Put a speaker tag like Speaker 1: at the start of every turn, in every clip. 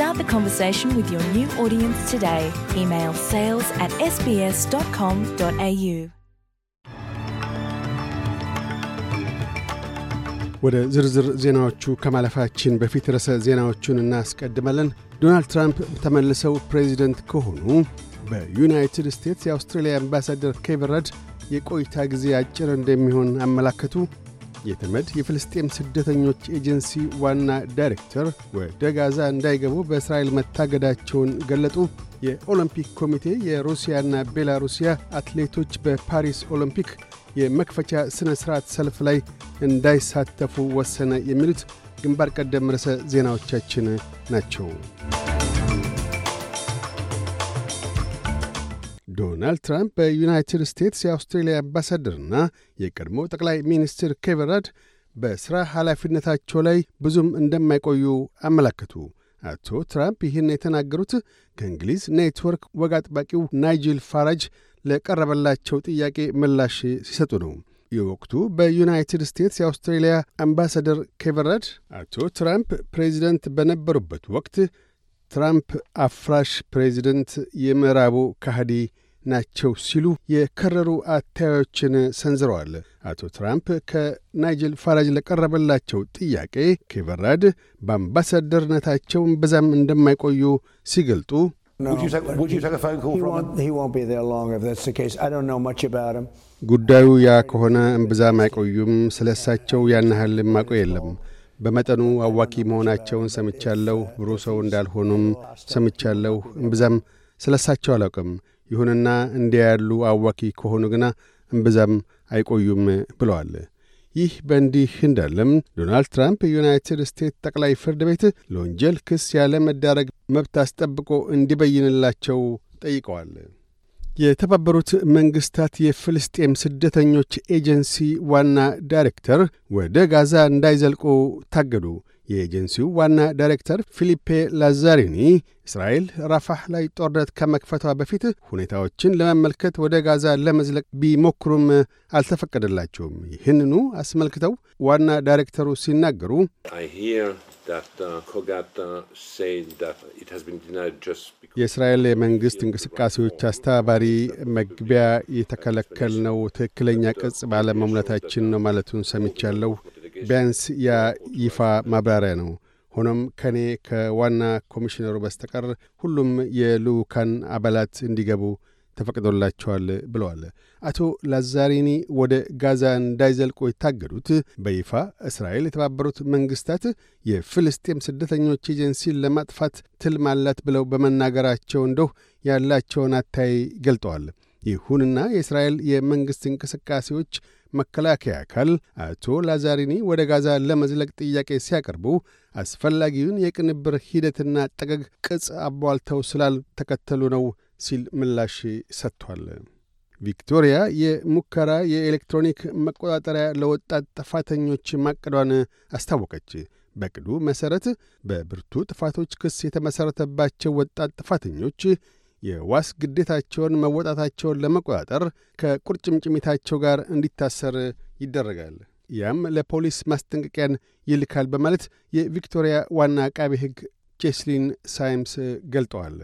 Speaker 1: Start the conversation with your new audience today. Email sales at sbs.com.au ወደ ዝርዝር ዜናዎቹ ከማለፋችን በፊት ርዕሰ ዜናዎቹን እናስቀድመለን። ዶናልድ ትራምፕ ተመልሰው ፕሬዚደንት ከሆኑ በዩናይትድ ስቴትስ የአውስትሬልያ አምባሳደር ኬቨረድ የቆይታ ጊዜ አጭር እንደሚሆን አመላከቱ። የተመድ የፍልስጤም ስደተኞች ኤጀንሲ ዋና ዳይሬክተር ወደ ጋዛ እንዳይገቡ በእስራኤል መታገዳቸውን ገለጡ። የኦሎምፒክ ኮሚቴ የሩሲያና ቤላሩሲያ አትሌቶች በፓሪስ ኦሎምፒክ የመክፈቻ ሥነ ሥርዓት ሰልፍ ላይ እንዳይሳተፉ ወሰነ። የሚሉት ግንባር ቀደም ርዕሰ ዜናዎቻችን ናቸው። ዶናልድ ትራምፕ በዩናይትድ ስቴትስ የአውስትሬልያ አምባሳደርና የቀድሞ ጠቅላይ ሚኒስትር ኬቨራድ በሥራ ኃላፊነታቸው ላይ ብዙም እንደማይቆዩ አመላከቱ። አቶ ትራምፕ ይህን የተናገሩት ከእንግሊዝ ኔትወርክ ወግ አጥባቂው ናይጅል ፋራጅ ለቀረበላቸው ጥያቄ ምላሽ ሲሰጡ ነው። የወቅቱ በዩናይትድ ስቴትስ የአውስትሬልያ አምባሳደር ኬቨን አቶ ትራምፕ ፕሬዚደንት በነበሩበት ወቅት ትራምፕ አፍራሽ ፕሬዚደንት፣ የምዕራቡ ካህዲ ናቸው ሲሉ የከረሩ አታዮችን ሰንዝረዋል። አቶ ትራምፕ ከናይጅል ፋራጅ ለቀረበላቸው ጥያቄ ኬቨራድ በአምባሳደርነታቸውን በዛም እንደማይቆዩ ሲገልጡ ጉዳዩ ያ ከሆነ እምብዛም አይቆዩም። ስለ እሳቸው ያን ያህል የማውቀው የለም። በመጠኑ አዋኪ መሆናቸውን ሰምቻለሁ። ብሩ ሰው እንዳልሆኑም ሰምቻለሁ። እምብዛም ስለ እሳቸው አላውቅም። ይሁንና እንዲያ ያሉ አዋኪ ከሆኑ ግና እምብዛም አይቆዩም ብለዋል። ይህ በእንዲህ እንዳለም ዶናልድ ትራምፕ የዩናይትድ ስቴትስ ጠቅላይ ፍርድ ቤት ለወንጀል ክስ ያለ መዳረግ መብት አስጠብቆ እንዲበይንላቸው ጠይቀዋል። የተባበሩት መንግሥታት የፍልስጤም ስደተኞች ኤጀንሲ ዋና ዳይሬክተር ወደ ጋዛ እንዳይዘልቁ ታገዱ። የኤጀንሲው ዋና ዳይሬክተር ፊሊፔ ላዛሪኒ እስራኤል ራፋህ ላይ ጦርነት ከመክፈቷ በፊት ሁኔታዎችን ለመመልከት ወደ ጋዛ ለመዝለቅ ቢሞክሩም አልተፈቀደላቸውም። ይህንኑ አስመልክተው ዋና ዳይሬክተሩ ሲናገሩ uh, የእስራኤል የመንግሥት እንቅስቃሴዎች አስተባባሪ መግቢያ የተከለከልነው ትክክለኛ ቅጽ ባለመሙላታችን ነው ማለቱን ሰምቻለሁ። ቢያንስ ያ ይፋ ማብራሪያ ነው። ሆኖም ከእኔ ከዋና ኮሚሽነሩ በስተቀር ሁሉም የልዑካን አባላት እንዲገቡ ተፈቅዶላቸዋል ብለዋል። አቶ ላዛሪኒ ወደ ጋዛ እንዳይዘልቁ የታገዱት በይፋ እስራኤል የተባበሩት መንግስታት የፍልስጤም ስደተኞች ኤጀንሲን ለማጥፋት ትልም አላት ብለው በመናገራቸው እንደው ያላቸውን አታይ ገልጠዋል። ይሁንና የእስራኤል የመንግሥት እንቅስቃሴዎች መከላከያ አካል አቶ ላዛሪኒ ወደ ጋዛ ለመዝለቅ ጥያቄ ሲያቀርቡ አስፈላጊውን የቅንብር ሂደትና ጠገግ ቅጽ አቧልተው ስላልተከተሉ ነው ሲል ምላሽ ሰጥቷል። ቪክቶሪያ የሙከራ የኤሌክትሮኒክ መቆጣጠሪያ ለወጣት ጥፋተኞች ማቀዷን አስታወቀች። በቅዱ መሠረት በብርቱ ጥፋቶች ክስ የተመሠረተባቸው ወጣት ጥፋተኞች የዋስ ግዴታቸውን መወጣታቸውን ለመቆጣጠር ከቁርጭምጭሚታቸው ጋር እንዲታሰር ይደረጋል። ያም ለፖሊስ ማስጠንቀቂያን ይልካል በማለት የቪክቶሪያ ዋና አቃቤ ሕግ ቼስሊን ሳይምስ ገልጠዋል።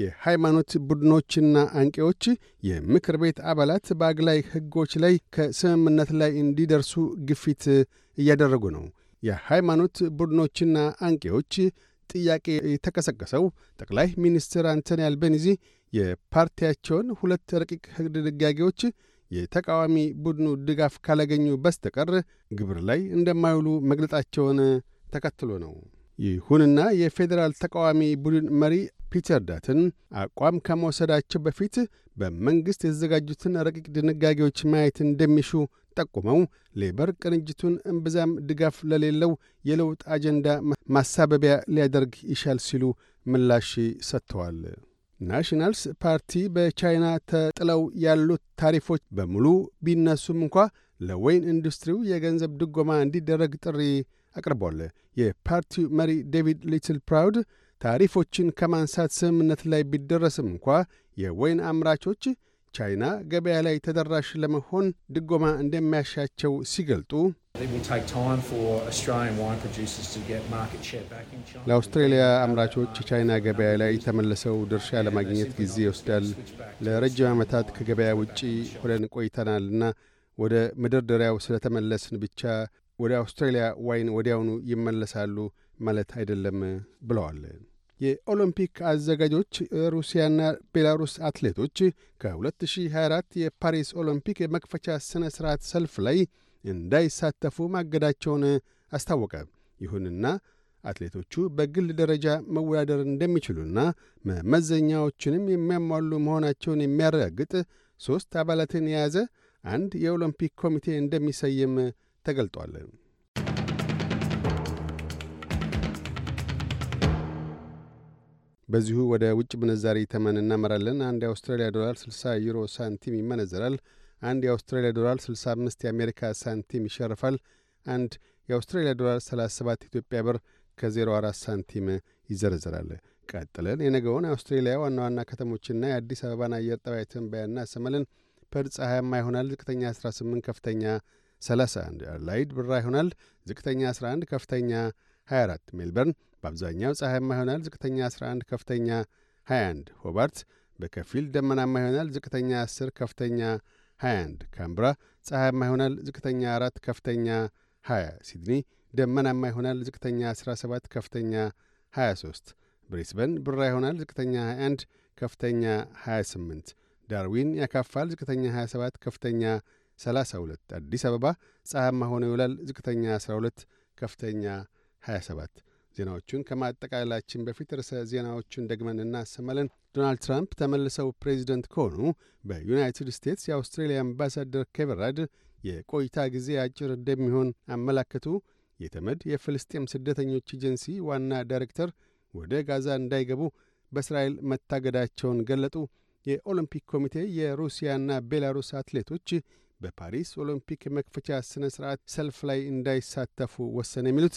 Speaker 1: የሃይማኖት ቡድኖችና አንቂዎች የምክር ቤት አባላት በአግላይ ሕጎች ላይ ከስምምነት ላይ እንዲደርሱ ግፊት እያደረጉ ነው። የሃይማኖት ቡድኖችና አንቂዎች ጥያቄ የተቀሰቀሰው ጠቅላይ ሚኒስትር አንቶኒ አልቤኒዚ የፓርቲያቸውን ሁለት ረቂቅ ሕግ ድንጋጌዎች የተቃዋሚ ቡድኑ ድጋፍ ካላገኙ በስተቀር ግብር ላይ እንደማይውሉ መግለጣቸውን ተከትሎ ነው። ይሁንና የፌዴራል ተቃዋሚ ቡድን መሪ ፒተር ዳትን አቋም ከመውሰዳቸው በፊት በመንግሥት የተዘጋጁትን ረቂቅ ድንጋጌዎች ማየት እንደሚሹ ጠቁመው ሌበር ቅንጅቱን እምብዛም ድጋፍ ለሌለው የለውጥ አጀንዳ ማሳበቢያ ሊያደርግ ይሻል ሲሉ ምላሽ ሰጥተዋል። ናሽናልስ ፓርቲ በቻይና ተጥለው ያሉት ታሪፎች በሙሉ ቢነሱም እንኳ ለወይን ኢንዱስትሪው የገንዘብ ድጎማ እንዲደረግ ጥሪ አቅርቧል። የፓርቲው መሪ ዴቪድ ሊትል ፕራውድ ታሪፎችን ከማንሳት ስምምነት ላይ ቢደረስም እንኳ የወይን አምራቾች ቻይና ገበያ ላይ ተደራሽ ለመሆን ድጎማ እንደሚያሻቸው ሲገልጡ ለአውስትሬልያ አምራቾች የቻይና ገበያ ላይ ተመልሰው ድርሻ ለማግኘት ጊዜ ይወስዳል። ለረጅም ዓመታት ከገበያ ውጪ ሆነን ቆይተናልና ወደ መደርደሪያው ስለተመለስን ብቻ ወደ አውስትሬልያ ዋይን ወዲያውኑ ይመለሳሉ ማለት አይደለም ብለዋል። የኦሎምፒክ አዘጋጆች ሩሲያና ቤላሩስ አትሌቶች ከ2024 የፓሪስ ኦሎምፒክ የመክፈቻ ሥነ ሥርዓት ሰልፍ ላይ እንዳይሳተፉ ማገዳቸውን አስታወቀ። ይሁንና አትሌቶቹ በግል ደረጃ መወዳደር እንደሚችሉና መመዘኛዎችንም የሚያሟሉ መሆናቸውን የሚያረጋግጥ ሦስት አባላትን የያዘ አንድ የኦሎምፒክ ኮሚቴ እንደሚሰይም ተገልጧል። በዚሁ ወደ ውጭ ምንዛሪ ተመን እናመራለን። አንድ የአውስትራሊያ ዶላር 60 ዩሮ ሳንቲም ይመነዘራል። አንድ የአውስትራሊያ ዶላር 65 የአሜሪካ ሳንቲም ይሸርፋል። አንድ የአውስትራሊያ ዶላር 37 ኢትዮጵያ ብር ከ04 ሳንቲም ይዘረዘራል። ቀጥለን የነገውን የአውስትሬሊያ ዋና ዋና ከተሞችና የአዲስ አበባን አየር ጠባይ ትንበያና ሰመልን ፐርዝ ፀሐያማ ይሆናል። ዝቅተኛ 18፣ ከፍተኛ 31። አድላይድ ብራ ይሆናል። ዝቅተኛ 11፣ ከፍተኛ 24። ሜልበርን በአብዛኛው ፀሐያማ ይሆናል። ዝቅተኛ 11፣ ከፍተኛ 21። ሆባርት በከፊል ደመናማ ይሆናል። ዝቅተኛ 10፣ ከፍተኛ 21። ካምብራ ፀሐያማ ይሆናል። ዝቅተኛ 4፣ ከፍተኛ 20። ሲድኒ ደመናማ ይሆናል። ዝቅተኛ 17፣ ከፍተኛ 23። ብሪስበን ብራ ይሆናል። ዝቅተኛ 21፣ ከፍተኛ 28። ዳርዊን ያካፋል። ዝቅተኛ 27፣ ከፍተኛ 32። አዲስ አበባ ፀሐያማ ሆኖ ይውላል። ዝቅተኛ 12፣ ከፍተኛ 27። ዜናዎቹን ከማጠቃለላችን በፊት ርዕሰ ዜናዎቹን ደግመን እናሰማለን። ዶናልድ ትራምፕ ተመልሰው ፕሬዚደንት ከሆኑ በዩናይትድ ስቴትስ የአውስትሬልያ አምባሳደር ኬቨራድ የቆይታ ጊዜ አጭር እንደሚሆን አመላከቱ። የተመድ የፍልስጤም ስደተኞች ኤጀንሲ ዋና ዳይሬክተር ወደ ጋዛ እንዳይገቡ በእስራኤል መታገዳቸውን ገለጡ። የኦሎምፒክ ኮሚቴ የሩሲያና ቤላሩስ አትሌቶች በፓሪስ ኦሎምፒክ መክፈቻ ሥነ ሥርዓት ሰልፍ ላይ እንዳይሳተፉ ወሰነ። የሚሉት